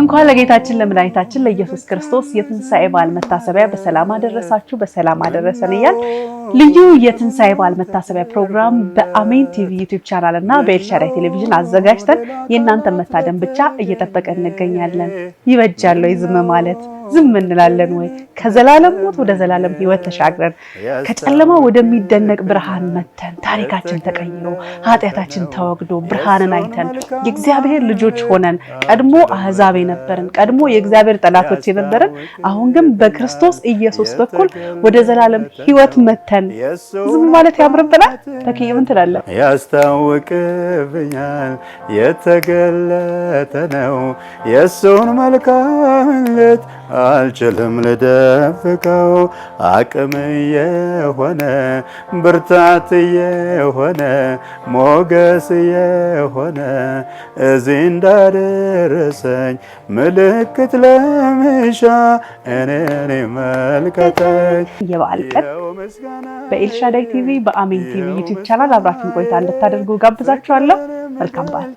እንኳን ለጌታችን ለመድኃኒታችን ለኢየሱስ ክርስቶስ የትንሣኤ በዓል መታሰቢያ በሰላም አደረሳችሁ በሰላም አደረሰን እያል ልዩ የትንሣኤ በዓል መታሰቢያ ፕሮግራም በአሜን ቲቪ ዩቲዩብ ቻናል እና በኤልሻዳይ ቴሌቪዥን አዘጋጅተን የእናንተን መታደም ብቻ እየጠበቀ እንገኛለን። ይበጃል ወይ ዝም ማለት? ዝም እንላለን ወይ? ከዘላለም ሞት ወደ ዘላለም ህይወት ተሻግረን ከጨለማ ወደሚደነቅ ብርሃን መተን ታሪካችን ተቀይሮ ኃጢአታችን ተወግዶ ብርሃንን አይተን የእግዚአብሔር ልጆች ሆነን ቀድሞ አህዛብ የነበርን ቀድሞ የእግዚአብሔር ጠላቶች የነበርን አሁን ግን በክርስቶስ ኢየሱስ በኩል ወደ ዘላለም ህይወት መተን ዝም ማለት ያምርብናል። ተክዬ ምን ትላለህ? ያስታውቅብኛል የተገለጠ ነው የእሱን መልካምነት አልችልም ልደብቀው አቅም የሆነ ብርታት የሆነ ሞገስ የሆነ እዚህ እንዳደረሰኝ ምልክት ለምሻ እኔን መልከተኝ። የበዓል ቀን በኤልሻዳይ ቲቪ በአሜን ቲቪ ዩቲብ ቻናል አብራችን ቆይታ እንድታደርጉ ጋብዛችኋለሁ። መልካም በዓል።